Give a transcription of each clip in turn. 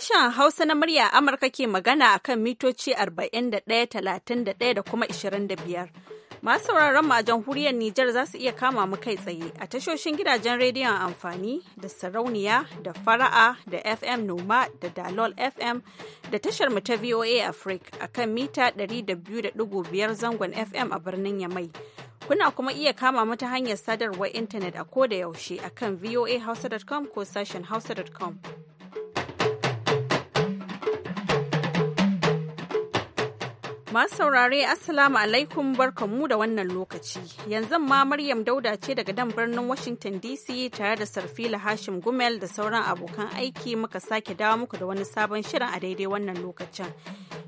Sashen Hausa na murya Amurka ke magana a kan mitoci 41,31 da kuma 25. Masu sauraron mu a jamhuriyar Nijar za su iya kama mu kai tsaye a tashoshin gidajen rediyon amfani da sarauniya da fara'a da FM Noma da Dalol FM da tashar mu ta VOA Africa a kan mita 200.5 zangon FM a birnin Yamai. Kuna kuma iya kama mu ta hanyar sadarwar intanet a ko da yaushe a kan voahausa.com ko sashen hausa.com. Masu saurare Assalamu alaikum barkanmu da wannan lokaci. Yanzu ma Maryam Dauda ce daga dan birnin Washington DC tare da Sarfila Hashim Gumel da sauran abokan aiki muka sake dawo muku da wani sabon shirin a daidai wannan lokacin.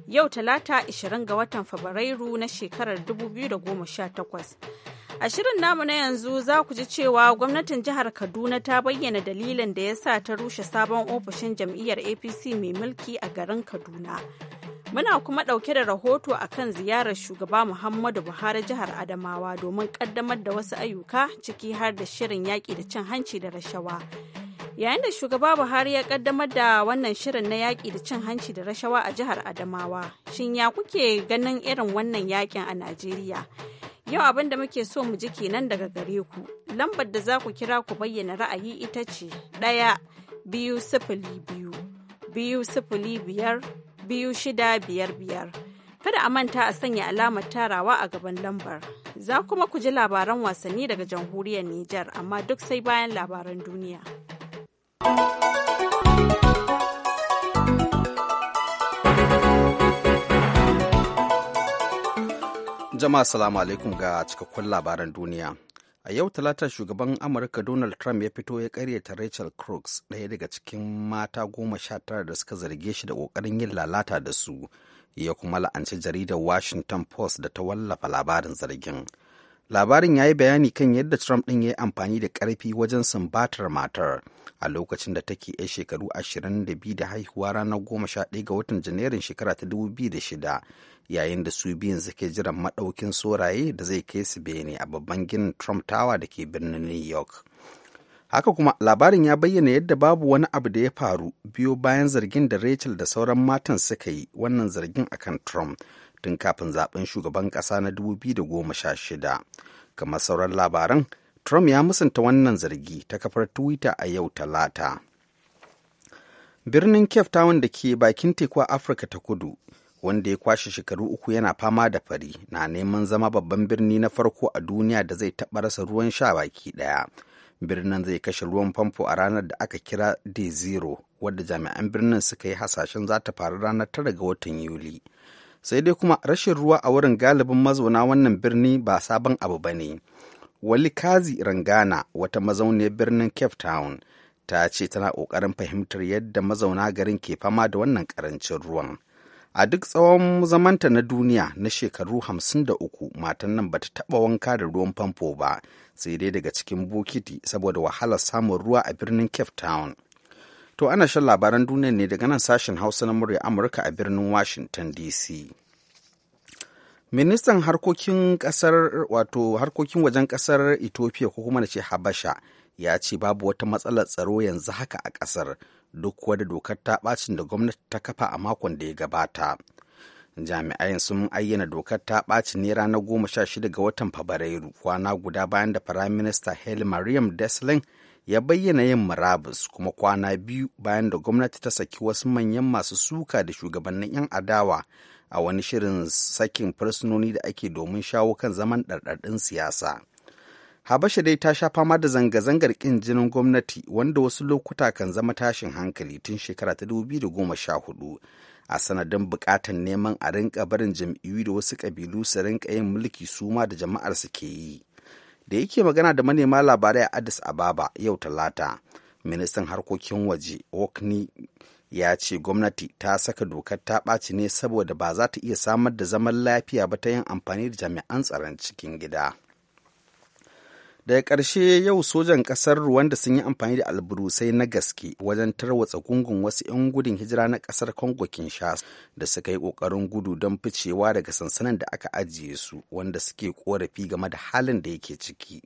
Yau talata 20 ga watan Fabrairu na shekarar 2018. A shirin namu na yanzu za ku ji cewa gwamnatin jihar Kaduna ta bayyana dalilin da ya sa ta rushe sabon ofishin jam'iyyar APC mai mulki a garin Kaduna. Muna kuma ɗauke da rahoto a kan ziyarar shugaba Muhammadu Buhari jihar Adamawa domin ƙaddamar da wasu ayyuka ciki har da shirin yaƙi da cin hanci da rashawa. Yayin da shugaba Buhari ya ƙaddamar da wannan shirin na yaƙi da cin hanci da rashawa a jihar Adamawa, shin ya kuke ganin irin wannan yaƙin a Najeriya? Yau abin da muke so mu ji kenan daga gare ku, lambar da za ku kira ku bayyana ra'ayi ita ce ɗaya biyu sifili biyu, biyu sifili biyar biyu shida biyar biyar. Kada a manta a sanya alamar tarawa a gaban lambar. Za kuma ku ji labaran wasanni daga jamhuriyar Nijar amma duk sai bayan labaran duniya. Jama'a salamu alaikum ga cikakkun labaran duniya. a yau talata shugaban amurka donald trump ya fito ya karyata rachel crooks ɗaya daga cikin mata goma sha tara da suka zarge shi da ƙoƙarin yin lalata da su ya kuma la'anci jaridar washington post da ta wallafa labarin zargin labarin ya yi bayani kan yadda trump ɗin ya yi amfani da ƙarfi wajen sumbatar matar a lokacin da take 'yan shekaru 22 da haihuwa ranar 11 ga watan janairun shekara ta 2006 yayin da su biyun suke jiran maɗaukin soraye da zai kai su bene a babban ginin trump tower da ke birnin new york haka kuma labarin ya bayyana yadda babu wani abu da ya faru biyo bayan zargin da rachel da sauran matan suka yi wannan zargin akan trump tun kafin zaben shugaban ƙasa na 2016 kamar sauran labaran trump ya musanta wannan zargi ta kafar twitter a yau talata birnin cape town da ke bakin teku a afirka ta kudu wanda ya kwashe shekaru uku yana fama da fari na neman zama babban birni na farko a duniya da zai taɓa rasa ruwan sha baki ɗaya birnin zai kashe ruwan famfo a ranar da aka kira day zero wadda jami'an birnin suka yi hasashen za ta faru ranar tara ga watan yuli sai dai kuma rashin ruwa a wurin galibin mazauna wannan birni ba sabon abu ba ne wali kazi rangana wata mazauniyar birnin cape town ta ce tana ƙoƙarin fahimtar yadda mazauna garin ke fama da wannan karancin ruwan a duk tsawon zamanta na duniya na shekaru hamsin da uku matan nan bata taba wanka da ruwan famfo ba sai dai daga cikin bokiti saboda wahalar samun ruwa a birnin cape town To ana shan labaran duniya ne daga nan sashen Hausa na murya Amurka a birnin Washington DC. Ministan harkokin kasar wato harkokin wajen kasar Ethiopia ko kuma na ce Habasha ya ce babu wata matsalar tsaro yanzu haka a kasar duk wadda dokar ta bacin da gwamnati ta kafa a makon da ya gabata. jami'ai sun ayyana dokar ta ɓaci ne ranar goma sha shida ga watan fabrairu kwana guda bayan da firayim minista hel mariam deslin ya bayyana yin murabus kuma kwana biyu bayan da gwamnati ta saki wasu manyan masu suka da shugabannin 'yan adawa a wani shirin sakin fursunoni da ake domin shawo kan zaman ɗarɗarɗin siyasa. Habasha dai ta sha fama da zanga-zangar ƙin jinin gwamnati wanda wasu lokuta kan zama tashin hankali tun shekara ta sha hudu a sanadin buƙatar neman a rinka barin jam'iyyu da wasu ƙabilu su rinka yin mulki suma da jama'ar su ke yi. da yake magana da manema labarai a addis ababa yau talata ministan harkokin waje okni ya ce gwamnati ta saka dokar ta ɓaci ne saboda ba za ta iya samar da zaman lafiya ba ta yin amfani da jami'an tsaron cikin gida. daga ƙarshe yau sojan ƙasar ruwanda sun yi amfani da alburusai na gaske wajen tarwatsa gungun wasu 'yan gudun hijira na ƙasar congo kinshasa da suka yi ƙoƙarin gudu don ficewa daga sansanin da aka ajiye su wanda suke ƙorafi game da halin da yake ciki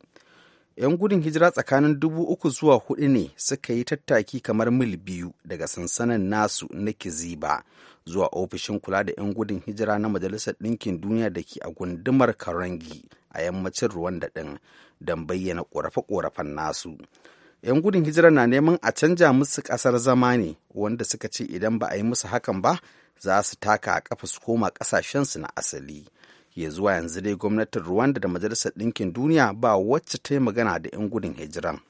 'yan gudun hijira tsakanin dubu uku zuwa hudu ne suka yi tattaki kamar mil biyu daga sansanin nasu na kiziba zuwa ofishin kula da 'yan gudun hijira na majalisar ɗinkin duniya da ke a gundumar karangi a yammacin ruwanda ɗin don bayyana ƙorafe-ƙorafen nasu. 'Yan gudun hijira na neman a canja musu ƙasar zama ne wanda suka ce idan ba a yi musu hakan ba za su taka a ƙafa su koma ƙasashensu na asali. Ya zuwa yanzu dai gwamnatin Rwanda da Majalisar Ɗinkin Duniya ba wacce ta yi magana da 'yan gudun hijiran.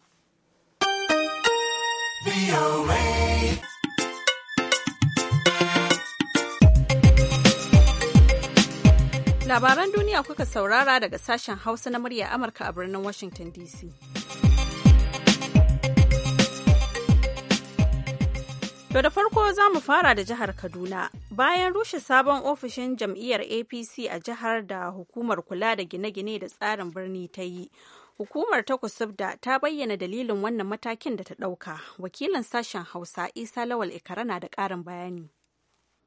Labaran duniya kuka saurara daga sashen Hausa na murya Amurka a birnin Washington DC. To da farko za mu fara da jihar Kaduna. Bayan rushe sabon ofishin jam'iyyar APC a jihar da hukumar kula da gine-gine da tsarin birni ta yi. Hukumar ta Kusubda ta bayyana dalilin wannan matakin da ta ɗauka. Wakilin sashen Hausa Isa Lawal Ikara na da ƙarin bayani.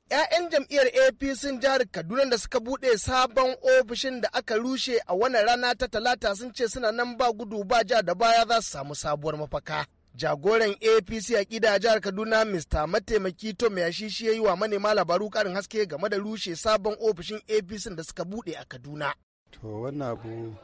'Ya'yan jam'iyyar APC jihar Kaduna da suka buɗe sabon ofishin da aka rushe a wannan rana ta talata sun ce suna nan ba gudu ba ja da baya za su samu sabuwar mafaka. jagoran apc a kida jihar kaduna mr mataimaki tom yashi shi ya yi wa manema labaru karin haske game da rushe sabon ofishin apc da suka bude a kaduna to wannan abu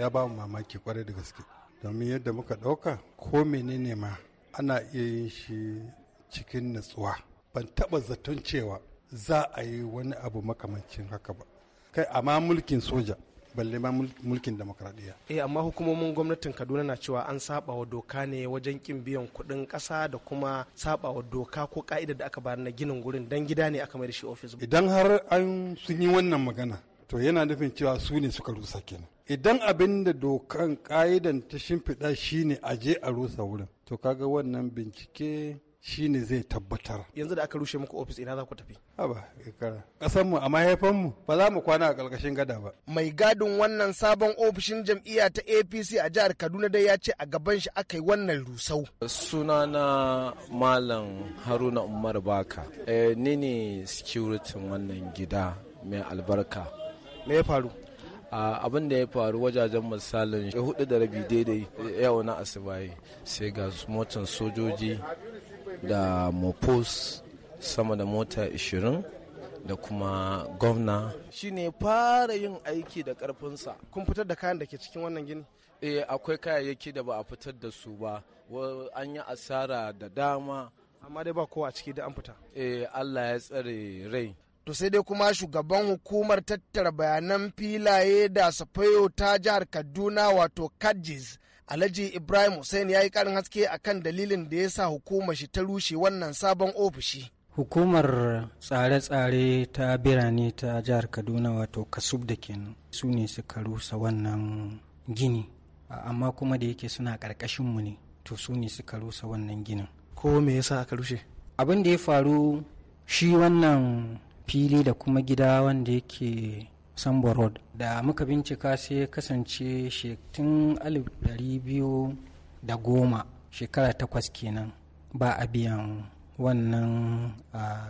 ya ba mu mamaki kwarai da gaske domin yadda muka dauka ko menene ma ana iya yin shi cikin natsuwa ban taba zaton cewa za a yi wani abu makamancin haka ba kai amma mulkin soja balle ma mulkin demokradiyya. Eh amma hukumomin gwamnatin Kaduna na cewa an saba wa doka ne wajen kin biyan kuɗin kasa da kuma saba wa doka ko ka'ida da aka bayar na ginin gurin dan gida ne aka mai da shi ofis. Idan har an sun yi wannan magana to yana nufin cewa su ne suka rusa kenan. Idan abin da dokan ka'idan ta shimfiɗa shine a je a rusa wurin to kaga wannan bincike shine zai tabbatar yanzu da aka rushe muku ofis ina za ku tafi haba kasan mu a mahaifan mu ba za mu kwana a ƙarƙashin gada ba mai gadin wannan sabon ofishin jam'iyya ta APC a jihar Kaduna dai ya ce a gaban shi aka wannan rusau sunana malam Haruna Umar Baka eh, ni ne security wannan gida mai albarka me ya faru abin da ya faru wajajen misalin hudu da rabi daidai yau na asibayi sai ga motan sojoji da mopos sama da mota 20 da kuma gwamna shine fara yin aiki da karfinsa kun fitar da kayan da ke cikin wannan gini eh akwai kayayyaki da ba a fitar da su ba an yi asara da dama amma dai ba kowa ciki da an fita eh Allah ya tsare rai to sai dai kuma shugaban hukumar tattara bayanan filaye da safayo ta jihar kaduna wato kajis Alhaji Ibrahim Hussein ya yi karin haske akan dalilin da ya sa hukumar shi ta rushe wannan sabon ofishi. Hukumar tsare-tsare ta birane ta jihar Kaduna wato Kasub da kenan su ne suka rusa wannan gini amma kuma da yake suna mu ne to su ne suka rusa wannan ginin. Ko me yasa aka rushe? Abin da ya faru shi wannan fili da kuma gida wanda yake sambo road da muka bincika sai kasance alif dari biyu da goma shekara takwas kenan ba a biyan wannan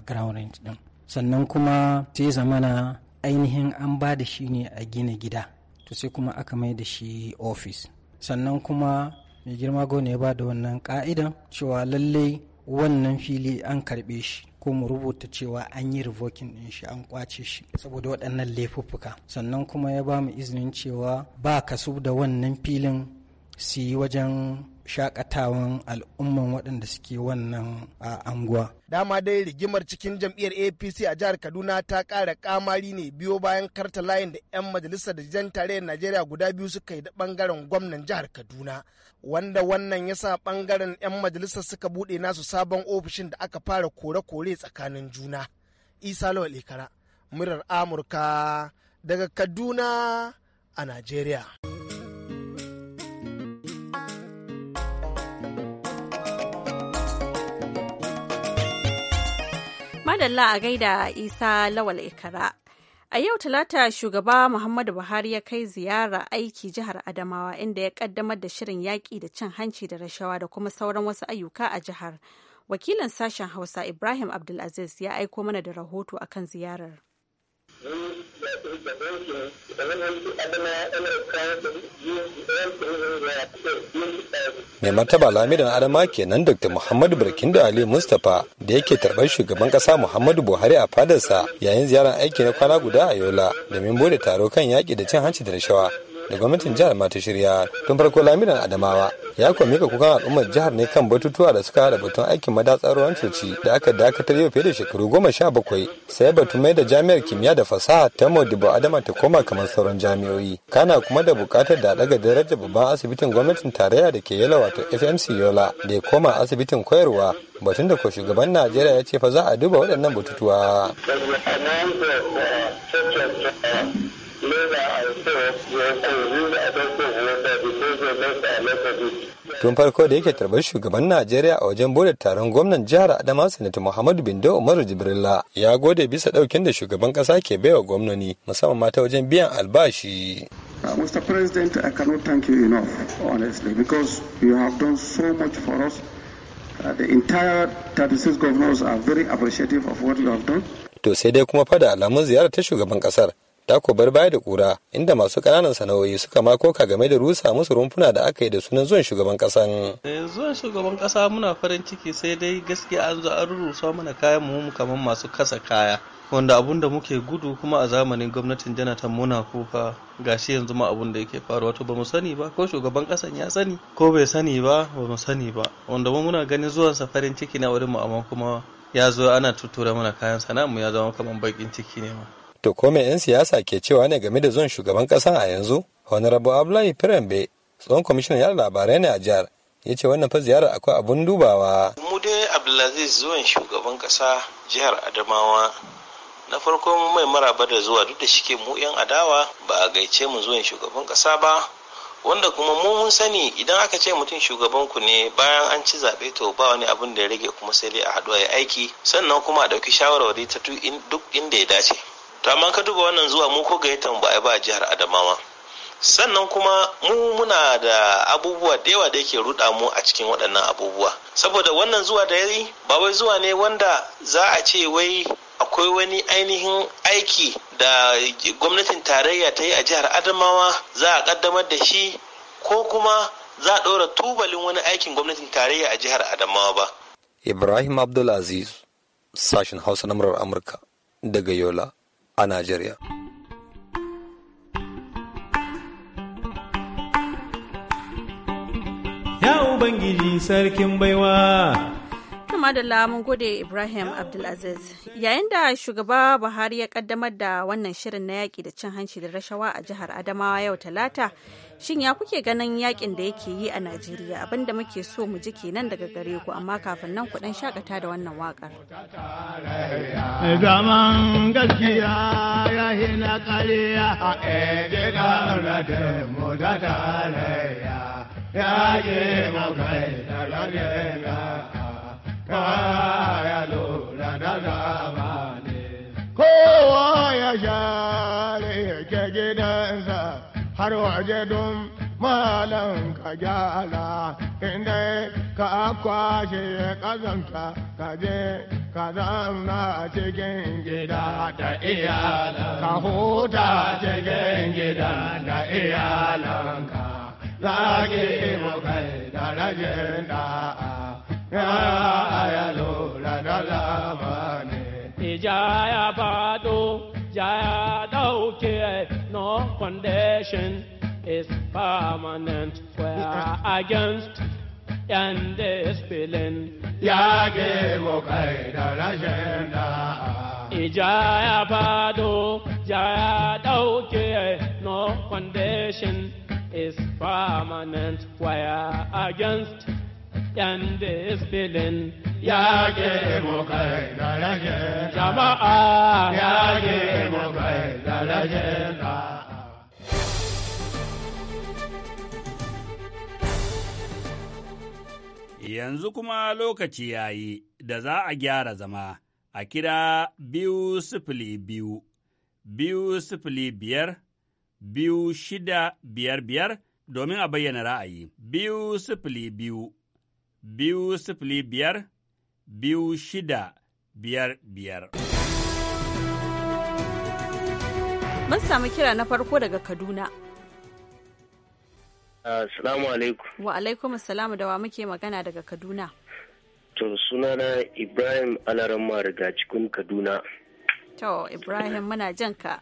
ground rent din sannan kuma sai zamana ainihin an ba da shi ne a gina gida to sai kuma aka mai da shi ofis sannan kuma mai girma gona ya ba da wannan ka'idan cewa lallai wannan fili an karbe shi ko mu rubuta cewa an yi revoking din shi an kwace shi saboda waɗannan laifuffuka sannan kuma ya ba mu izinin cewa ba su da wannan filin su yi wajen shakatawan al'umman waɗanda suke wannan a anguwa. Dama dai rigimar cikin jam'iyyar APC a jihar Kaduna ta ƙara ƙamari ne biyo bayan karta layin da 'yan majalisar da jan tarayyar Najeriya guda biyu suka yi da ɓangaren gwamnan jihar Kaduna. wanda wannan ya sa ɓangaren 'yan majalisar suka buɗe nasu sabon ofishin da aka fara kore-kore tsakanin juna. Isa Lawal Ikara, murar Amurka daga Kaduna a Najeriya. Madalla a gaida Isa Lawal Ikara. A yau Talata shugaba Muhammadu Buhari ya kai ziyara aiki jihar Adamawa inda ya kaddamar da shirin yaƙi da cin hanci da rashawa da kuma sauran wasu ayyuka a jihar. Wakilin sashen Hausa Ibrahim Abdulaziz ya aiko mana da rahoto akan ziyarar. mai martaba lamidan adama kenan dr muhammadu barkindo ali mustapha da yake tarbar shugaban kasa muhammadu buhari a fadarsa yayin ziyarar aiki na kwana guda a yola domin bude taro kan yaƙi da cin hanci da rashawa da gwamnatin jihar ma ta shirya tun farko lamiran adamawa ya kuwa mika kukan al'ummar jihar ne kan batutuwa da suka hada batun aikin madatsar ruwan coci da aka dakatar yau fiye da shekaru goma sha bakwai sai batun mai da jami'ar kimiyya da fasaha ta modibo adama ta koma kamar sauran jami'o'i kana kuma da bukatar da daga daraja babban asibitin gwamnatin tarayya da ke yalawa wato fmc yola da ya koma asibitin koyarwa batun da ko shugaban najeriya ya ce fa za a duba waɗannan batutuwa tun farko da yake tarbar shugaban najeriya a wajen bodar taron gwamnan jihar adama sanata muhammadu bindo umaru jibrilla ya gode bisa daukin da shugaban kasa ke baiwa gwamnoni musamman mata wajen biyan albashi uh, Mr. President, I cannot thank you enough, honestly, because you have done so much for us. Uh, the entire 36 governors are very appreciative of what you have done. To sai dai kuma fada alamun ziyarar ta shugaban kasar ta bar baya da kura inda masu kananan sana'o'i suka ma koka game da rusa musu rumfuna da aka yi da sunan zuwan shugaban ne. Eh, zuwan shugaban kasa muna farin ciki sai dai gaskiya an zo an rusa mana kayan mu kaman masu kasa kaya wanda abun da muke gudu kuma a zamanin gwamnatin janatan muna kuka gashi yanzu ma abun da yake faruwa to bamu sani ba ko shugaban kasan ya sani ko bai sani ba bamu sani ba wanda mu muna ganin zuwan sa farin ciki na wurin mu amma kuma ya zo ana tuttura mana kayan sana'a mu ya zama kamar bakin ciki ne ma To ko mai 'yan siyasa ke cewa ne game da zuwan shugaban kasa a yanzu? Honorable Abdullahi Firambe, tsohon kwamishinan yada labarai ne a jihar, ya ce wannan fa ziyarar akwai abun dubawa. Mu dai Abdulaziz zuwan shugaban kasa jihar Adamawa na farko mu mai maraba da zuwa duk da shike mu 'yan adawa ba a gaice mu zuwan shugaban ƙasa ba wanda kuma mu mun sani idan aka ce mutum shugaban ku ne bayan an ci zaɓe to ba wani abun da ya rage kuma sai dai a haɗu a yi aiki sannan kuma a ɗauki shawarwari ta duk inda ya dace to amma ka duba wannan zuwa mu ko mu ba a ba jihar adamawa sannan kuma mu muna da abubuwa da yawa da yake ruɗa mu a cikin waɗannan abubuwa saboda wannan zuwa da yayi ba wai zuwa ne wanda za a ce wai akwai wani ainihin aiki da gwamnatin tarayya ta yi a jihar adamawa za a kaddamar da shi ko kuma za a ɗora tubalin wani aikin gwamnatin tarayya a jihar adamawa ba ibrahim abdulaziz sashen hausa na murar amurka daga yola a Najeriya. Ya Ubangiji sarkin baiwa. Tuma da lamun gode Ibrahim Abdulaziz. Yayin da shugaba Buhari ya kaddamar da wannan shirin na yaƙi da cin hanci da rashawa a jihar Adamawa yau Talata, shin ya kuke ganin yakin da yake yi a Najeriya abinda muke so mu ji kenan daga gare ku amma kafin nan kuɗin shakata da wannan waƙar. Yeah, gaskiya ya yi yeah, yeah. kaya lura da ne. Kowa ya share ke gidansa har waje don malam ka gyara inda ka kwashe kazanta ka je ka cikin gida da iyalan ka huta cikin gida da iyalanka zage mu kai da da'a Jaya lo la la la mane. Jaya bado, Jaya dauke, no foundation is permanent. We're against and dispelling. Yage wo kaida la jenda. Jaya bado, Jaya dauke, no foundation is permanent. We're against 'yan disbilin ya ke kai ya ke kai Yanzu kuma lokaci ya yi da za a gyara zama a kira biyu sifili biyu, biyu sifili biyar, biyu shida biyar biyar domin a bayyana ra'ayi, biyu sifili biyu. biyu sifili biyar biyu shida biyar biyar. Mun samu kira na farko daga Kaduna. Assalamu alaikum. Wa alaikum assalamu da wa muke magana daga Kaduna. To sunana Ibrahim Alaramma daga Kaduna. To Ibrahim muna jan ka.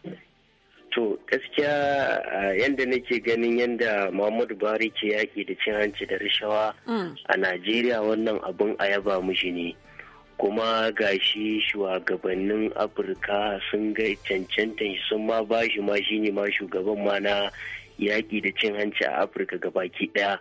to gaskiya yadda nake ganin yadda muhammadu buhari ke yaƙi da cin hanci da rashawa mm. a najeriya wannan abin a yaba mushi ne kuma gashi shugabannin afirka sun ga cancanta sun ma ba shi ma shine ma shugaban ma na yaƙi da cin hanci a afirka ga baki ɗaya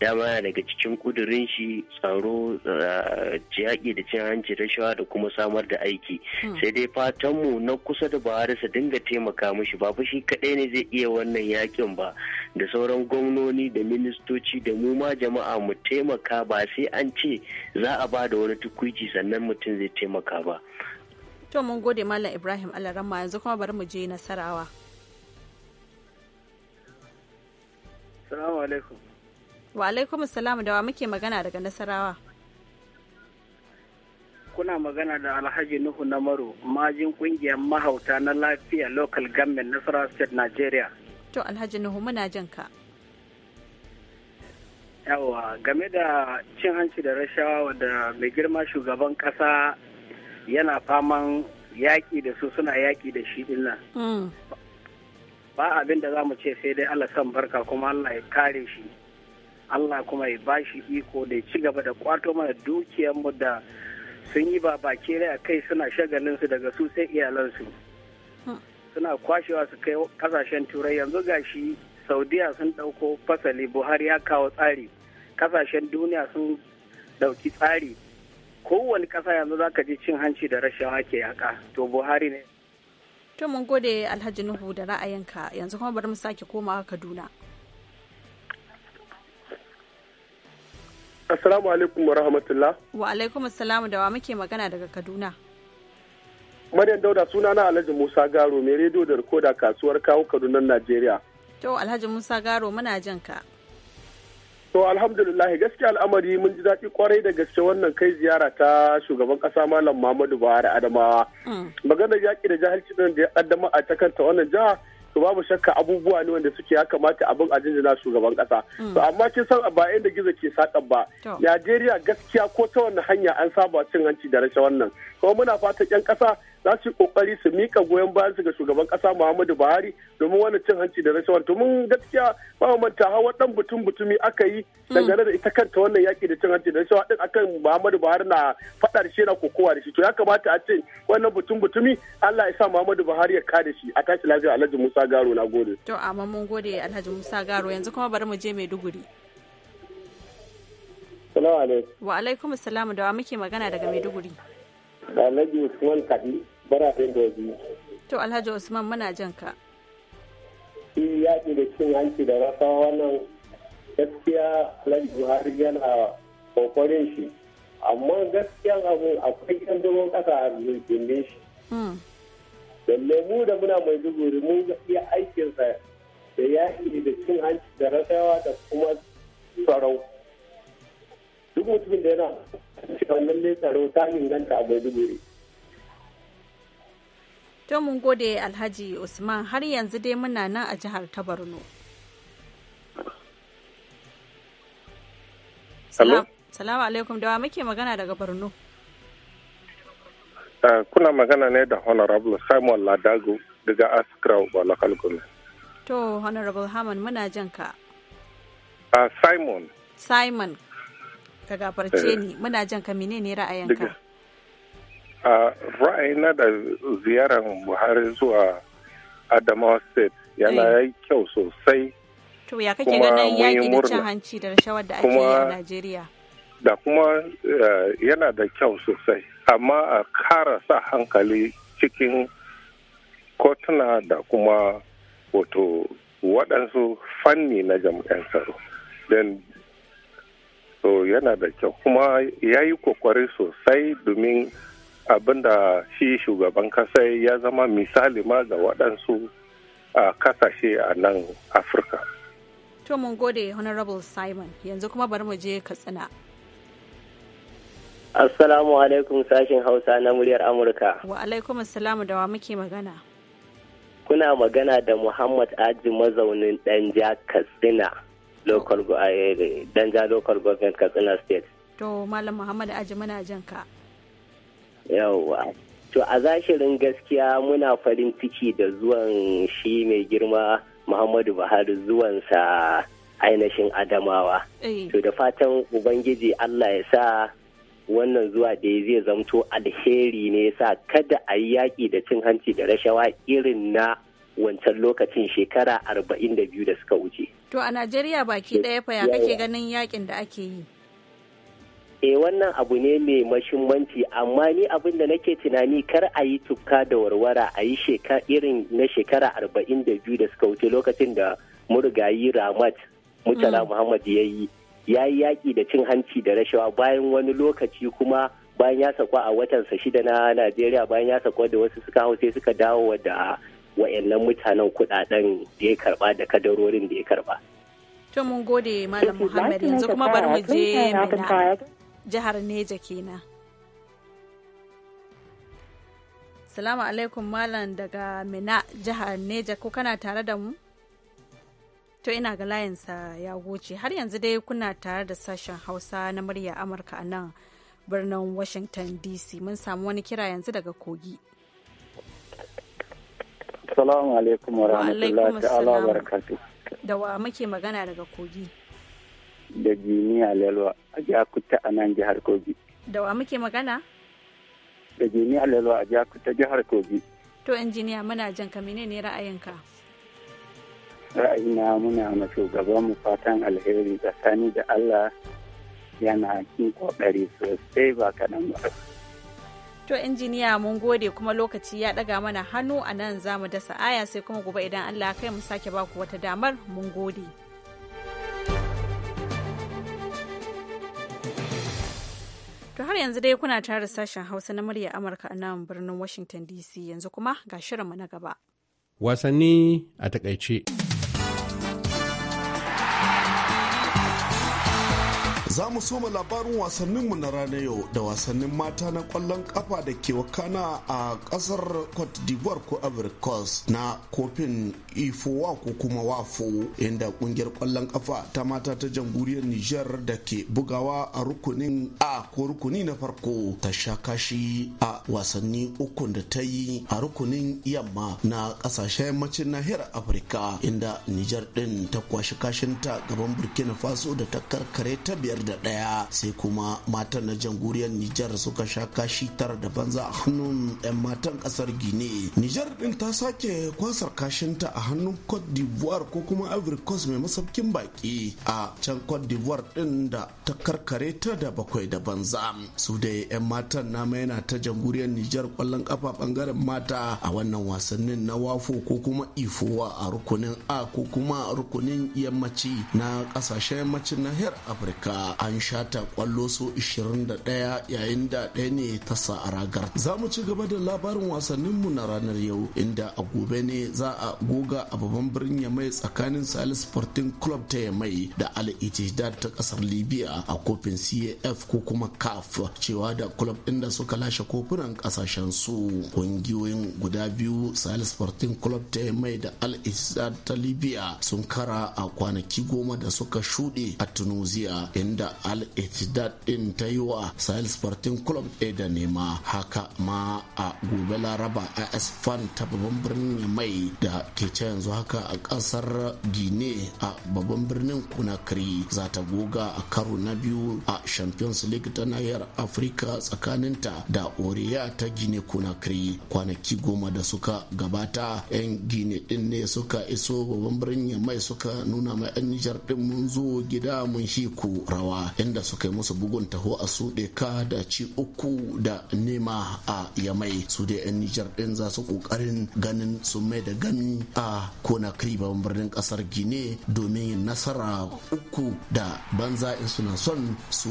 dama yana daga cikin ƙudurin shi tsaro eh, yaƙi da cin hanci rashawa da kuma samar da aiki hmm. sai dai fatanmu na kusa da bahari su dinga taimaka mishi ba shi kaɗai ne zai iya wannan yakin ba da sauran gwamnoni da ministoci da mu ma jama'a mu taimaka ba sai an ce za a ba da wani tukuici sannan mutum zai taimaka ba. To gode Malam Ibrahim Alarama yanzu kuma bari mu je nasarawa. alaikum. Wa alaikum salamu da wa muke magana daga Nasarawa. Kuna magana da Alhaji Nuhu na Maro, majin kungiyar mahauta na lafiya local government Nasarawa state Nigeria. To Alhaji Nuhu muna jin ka. Yawa game da cin hanci da rashawa wadda mai girma shugaban kasa yana faman yaƙi da su suna yaƙi da shi dinnan. Mm. ba abin da za mu ce sai dai Allah san barka kuma Allah ya kare shi Allah kuma ya ba shi iko da ci gaba da kwato mana dukiyarmu da sun yi ba baki a kai suna shagalin su daga su sai iyalansu suna kwashewa su kai kasashen turai yanzu gashi saudiya sun ɗauko fasali buhari ya kawo tsari kasashen duniya sun ɗauki tsari kowane ƙasa yanzu zaka ji cin hanci da rashawa ke yaka to buhari ne To mun gode Alhaji Nuhu da ra'ayinka yanzu kuma bari mu sake komawa Kaduna. Assalamu alaikum wa rahmatullah. Wa alaikum assalamu da wa muke magana daga Kaduna. Maryam Dauda suna na Alhaji Musa Garo mai rediyo da rikoda kasuwar kawo Kaduna Najeriya. To Alhaji Musa Garo muna jin ka. To alhamdulillah gaskiya al'amari mun ji daɗi kwarai da gaske wannan kai ziyara ta shugaban ƙasa Malam Muhammadu Buhari Adamawa. Mm. Maganar yaƙi da jahilci din da ya kaddama a ta wannan jiha to babu shakka abubuwa ne wanda suke ya kamata abin a jinjina shugaban ƙasa. Mm. To amma kin san ba inda gizo ke saƙan ba. Najeriya gaskiya ko ta wannan hanya an saba cin hanci da rashe wannan. Kuma muna fatan 'yan ƙasa za su yi kokari su mika goyon bayan su ga shugaban kasa Muhammadu Buhari domin wani cin hanci da rashawar to mun gaskiya ba mu manta hawa dan butun butumi aka yi dangane da ita kanta wannan yaki da cin hanci da rashawa din akan Muhammadu Buhari na fada da shi na kokowa da shi to ya kamata a ce wannan butun butumi Allah ya sa Muhammadu Buhari ya kare shi a tashi lafiya Alhaji Musa Garo na gode to amma mun gode Alhaji Musa Garo yanzu kuma bari mu je Maiduguri Salamu alaikum. Wa alaikum salamu da wa muke magana daga Maiduguri. Alhaji Usman Kadi. barafin gobe. To Alhaji Usman muna jan ka. Shi yaƙi da cin hanci da rasa wannan gaskiya Alhaji Buhari yana kokarin shi. Amma gaskiyan abu akwai yan dogon ƙasa a zulfin shi. Hmm. Lalle mu da muna mai duburi mun gaskiya aikinsa da yaƙi da cin hanci da rasawa da kuma tsaro. Duk mutumin da yana cikin lalle tsaro ta inganta a duburi. To mun gode Alhaji Usman har yanzu dai muna nan a jihar ta Borno. Salamu alaikum wa muke magana daga Borno. Uh, kuna magana ne da Honorable Simon Ladago daga Askra Balakal To Honorable Haman muna jan ka. Uh, Simon. Simon. Ka gafarce ni eh. muna jan ka menene ra'ayinka? ra'ayina da ziyarar buhari zuwa adamawa state yana eh. yi kyau sosai to ya kake ganin da cin hanci da rashawar da ake yi a najeriya da kuma eh, yana da kyau sosai amma a kara sa hankali cikin kotuna da kuma wato waɗansu fanni na jam'iyyar tsaro don so yana da kyau kuma ya yi kokwari sosai domin Abin da shi shugaban kasa ya zama misali ma ga waɗansu a kasashe a nan afirka to mun gode honorable simon yanzu kuma bari mu je katsina assalamu alaikum sashen hausa na muryar amurka wa alaikum assalamu da wa muke magana kuna magana da muhammad aji mazaunin danja katsina local eh, local government katsina state to malam muhammad aji muna jan ka yawwa to a zashirin gaskiya muna farin ciki da zuwan shi mai girma muhammadu buhari zuwansa ainihin adamawa eh. to da fatan ubangiji allah ya sa wannan zuwa da ya zai zamto alheri ne sa kada a yi yaƙi da cin hanci da rashawa irin na wancan lokacin shekara arba'in da biyu da suka wuce. To a Najeriya baki ɗaya fa ya kake ganin yaƙin da ake yi? e wannan abu ne mai mashimmanci amma ni abin da nake tunani kar a yi tukka da warwara a yi irin na shekara arba'in da biyu da suka wuce lokacin da murgayi ramat mutala mm. muhammad ya yi ya yi yaƙi da cin hanci da rashawa bayan wani lokaci kuma bayan ya sakwa a watansa shida na najeriya bayan ya sakwa da wasu suka hau sai suka dawo da wa'annan mutanen kuɗaɗen da ya karba da kadarorin da ya karba. Tumun gode Malam Muhammad yanzu kuma bari mu je jihar Neja kenan. Salamu alaikum Malam daga Mina jihar Neja ko kana tare da mu? To ina ga layinsa ya goce har yanzu dai kuna tare da sashen Hausa na murya Amurka a nan birnin Washington DC mun samu wani kira yanzu daga kogi. Salamu alaikum wa rahmatullahi wa Da wa muke magana daga kogi? da jiniya lalwa a jakuta a nan jihar kogi da wa muke magana da jiniya lalwa a jakuta jihar kogi to injiniya muna jan ka menene ra'ayinka ra'ayina muna ma shugaban mu fatan alheri tsakani da allah yana kin kokari sosai ba kaɗan ba To injiniya mun gode kuma lokaci ya ɗaga mana hannu a nan za mu dasa aya sai kuma gobe idan Allah kai mu sake baku wata damar mun gode. To har yanzu dai kuna tare sashen Hausa na murya Amurka a nan birnin Washington DC yanzu kuma ga shirinmu na gaba. Wasanni a takaice. Za mu soma labarin wasanninmu na ranar yau da wasannin mata na kwallon kafa da ke wakana a kasar Cote d'Ivoire ko Coast na kofin Ifowa ko kuma Wafo inda kungiyar kwallon kafa ta mata ta jamhuriyar Nijar da ke bugawa a rukunin A ko rukuni na farko ta sha kashi a wasanni ukun da ta yi a rukunin yamma na kasashen yammacin nahiyar Afirka inda Nijar din ta kwashi kashinta gaban Burkina Faso da ta karkare ta biyar da ɗaya sai kuma matan na jamhuriyar Nijar suka sha kashi tara da banza a hannun 'yan matan ƙasar Gine. Nijar ɗin ta sake kwasar kashinta a hannun Cote d'Ivoire ko kuma Ivory Coast mai masaukin baki a can Cote d'Ivoire ɗin da ta karkare ta da bakwai da banza. Su dai 'yan matan na yana ta jamhuriyar Nijar kwallon kafa bangaren mata a wannan wasannin na wafo ko kuma ifowa a rukunin A ko kuma rukunin yammaci na ƙasashen yammacin nahiyar Afirka. an shata kwallo so 21 yayin da ɗaya ne ta sa a ragar za mu ci gaba da labarin wasanninmu na ranar yau inda a gobe ne za a goga a babban birnin yamai tsakanin salis sporting club ta yamai da al ta kasar libya a kofin caf ko kuma caf cewa da club ɗin da suka lashe kofunan kasashen su ƙungiyoyin guda biyu Salis sporting club ta yamai da al ta libya sun kara a kwanaki goma da suka shuɗe a tunisia inda da al ittihad din ta yi wa sahel sporting club a da nema haka ma a gobe laraba is fan ta babban birnin mai da ke ce yanzu haka a ƙasar gine a babban birnin kunakri za ta goga a karo na biyu a champions league ta nahiyar afirka tsakaninta da oriya ta gine kunakri kwanaki goma da suka gabata 'yan gine din ne suka iso babban birnin mai suka nuna ma 'yan nijar din mun zo gida mun shi ku rawa adamawa inda suka yi musu bugun taho a su ka da ci uku da nema a yamai su da yan nijar ɗin za su ƙoƙarin ganin su mai da gami a konakri babban birnin ƙasar gine domin nasara uku da banza in suna son su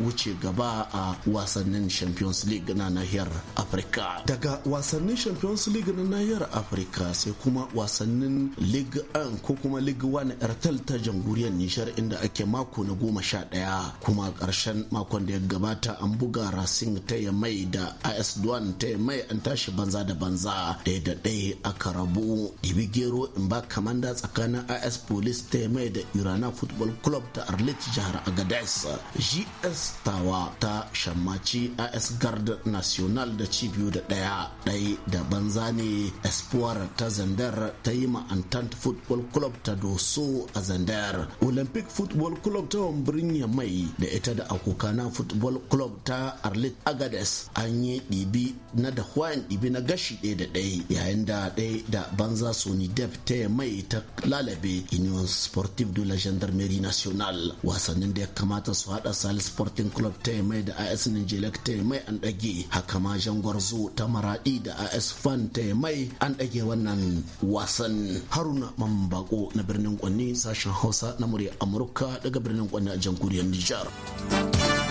wuce gaba a wasannin champions league na nahiyar afirka daga wasannin champions league na nahiyar afirka sai kuma wasannin league 1 ko kuma league 1 ta jamhuriyar Nijar inda ake mako na goma sha ɗaya daya kuma karshen makon da ya gabata an buga racing ta ya mai da is duan ta ya mai an tashi banza da banza ɗaya da ɗaya aka rabu dibi gero in ba kamanda tsakanin is police ta ya mai da irana football club ta arlit jihar agadez gs tawa ta shammaci is guard national da cibiyu da ɗaya ɗaya da banza ne espoir ta zandar ta yi ma'antant football club ta doso a zandar olympic football club ta wambirin mai da ita da akukana football club ta arlit agades an yi ɗibi na da hwayan ɗibi na gashi ɗaya da ɗaya yayin da ɗaya da banza sony def ta mai ta lalabe union sportive de la gendarmerie nationale wasannin da ya kamata su haɗa sal sporting club ta mai da as nijelek ta mai an ɗage haka ma zo ta maraɗi da as fan ta mai an ɗage wannan wasan haruna mambako na birnin kwanni sashen hausa na murya amurka daga birnin kwanni a jamhuriyar The Nijar.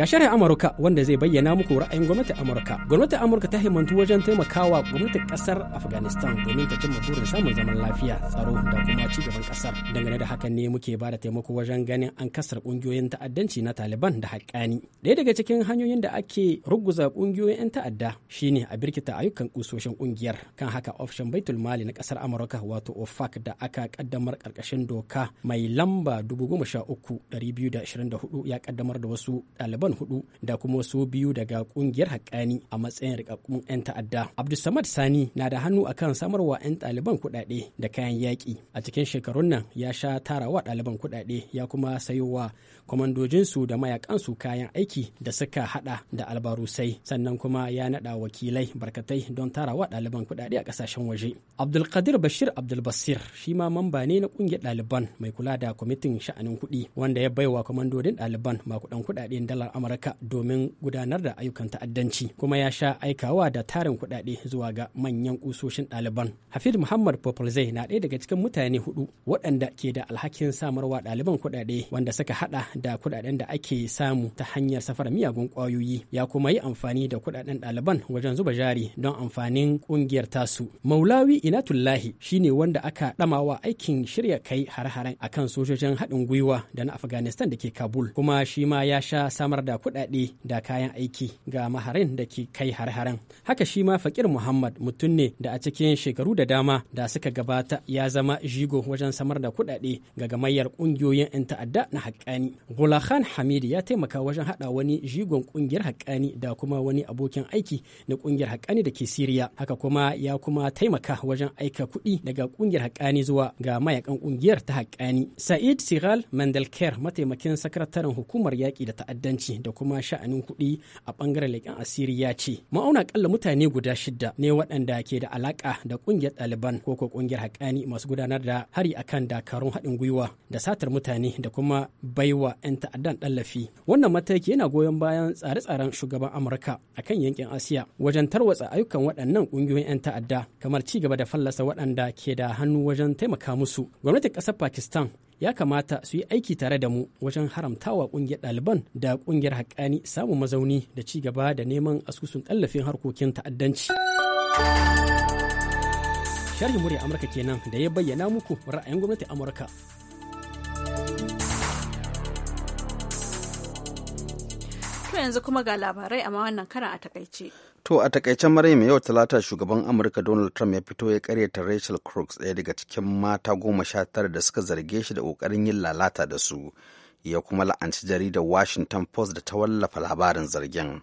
Ga shari'a Amurka wanda zai bayyana muku ra'ayin gwamnatin Amurka. Gwamnatin Amurka ta himantu wajen taimakawa gwamnatin kasar Afghanistan domin ta cimma burin samun zaman lafiya, tsaro da kuma ci gaban kasar. Dangane da hakan ne muke ba da taimako wajen ganin an kasar kungiyoyin ta'addanci na Taliban da haƙƙani. Daya daga cikin hanyoyin da ake ruguza kungiyoyin 'yan ta'adda shine a birkita ayyukan kusoshin kungiyar. Kan haka ofishin Baitul Mali na kasar Amurka wato OFAC da aka kaddamar karkashin doka mai lamba 13224 ya kaddamar da wasu ɗaliban Taliban hudu da kuma wasu biyu daga kungiyar haƙƙani a matsayin rikakkun 'yan ta'adda. Abdulsamad Sani na da hannu akan samarwa 'yan ɗaliban kuɗaɗe da kayan yaƙi. A cikin shekarun nan ya sha tarawa ɗaliban kuɗaɗe ya kuma sayowa kwamandojinsu da mayakansu kayan aiki da suka hada da albarusai sannan kuma ya nada wakilai barkatai don tara wa ɗaliban kuɗaɗe a ƙasashen waje abdulkadir bashir abdulbasir shi ma mamba ne na ƙungiyar ɗaliban mai kula da kwamitin sha'anin kuɗi wanda ya baiwa kwamandodin ɗaliban makuɗan kuɗaɗen dalar amurka domin gudanar da ayyukan ta'addanci kuma ya sha aikawa da tarin kuɗaɗe zuwa ga manyan ƙusoshin ɗaliban hafid muhammad popolzai na ɗaya daga cikin mutane hudu waɗanda ke da alhakin samarwa ɗaliban kuɗaɗe wanda suka hada da kudaden da ake samu ta hanyar safar miyagun kwayoyi ya kuma yi amfani da kudaden ɗaliban wajen zuba jari don amfanin ƙungiyar tasu maulawi inatullahi shine wanda aka ɗamawa aikin shirya kai har-haren akan sojojin haɗin gwiwa da na afghanistan da ke kabul kuma shi ma ya sha samar da kudade da kayan aiki ga maharin da ke kai har-haren haka shi ma fakir muhammad mutum ne da a cikin shekaru da dama da suka gabata ya zama jigo wajen samar da kudade ga gamayyar kungiyoyin 'yan ta'adda na haƙƙani Gulahan Hamid ya taimaka wajen hada wani jigon ƙungiyar haƙani da kuma wani abokin aiki na ƙungiyar haƙani da ke Siriya. Haka kuma ya kuma taimaka wajen aika kuɗi daga ƙungiyar haƙani zuwa ga mayakan ƙungiyar ta haƙani. Sa'id Sigal Mandelker mataimakin sakataren hukumar yaƙi da ta'addanci da kuma sha'anin kuɗi a ɓangaren leƙen asiri ya ce ma'auna kalla mutane guda shida ne waɗanda ke da alaƙa da ƙungiyar ɗaliban ko ko ƙungiyar haƙani masu gudanar da hari akan dakarun haɗin gwiwa da satar mutane da kuma baiwa wa 'yan ta'addan ɗallafi wannan mataki yana goyon bayan tsare-tsaren shugaban amurka a kan yankin asiya wajen tarwatsa ayyukan waɗannan ƙungiyoyin 'yan ta'adda kamar ci gaba da fallasa waɗanda ke da hannu wajen taimaka musu gwamnatin ƙasar pakistan ya kamata su yi aiki tare da mu wajen haramtawa ƙungiyar ɗaliban da ƙungiyar haƙƙani samun mazauni da ci gaba da neman asusun tallafin harkokin ta'addanci. Sharhin murya Amurka kenan da ya bayyana muku ra'ayin gwamnatin Amurka yanzu kuma ga labarai amma wannan karan a takaice. To a takaicen Maryam yau talata shugaban Amurka Donald Trump ya fito ya karyata Rachel Crooks ɗaya daga cikin mata goma sha tara da suka zarge shi da kokarin yin lalata da su. Ya kuma la'anci jaridar Washington Post da ta wallafa labarin zargen.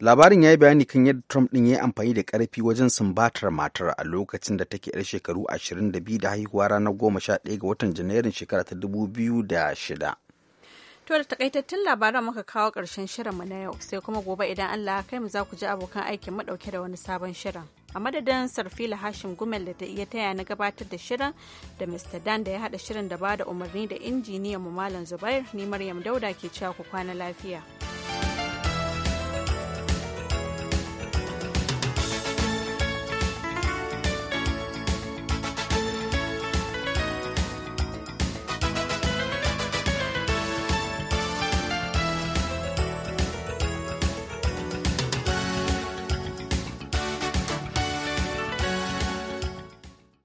Labarin ya yi bayani kan yadda Trump ɗin ya yi amfani da ƙarfi wajen sumbatar matar a lokacin da take 'yar shekaru 22 da haihuwa ranar 11 ga watan Janairun shekara ta 2006. To da takaitattun labaran muka kawo ƙarshen mu na yau sai kuma gobe idan Allah kai mu za ku ji abokan aikin madauke da wani sabon shirin. A madadin Sarfila Hashim Gumel da ta iya taya na gabatar da shirin da Mr. Dan da ya haɗa shirin da ba da umarni da injiniyan mu Malam Zubair ni Maryam Dauda ke cewa ku kwana lafiya.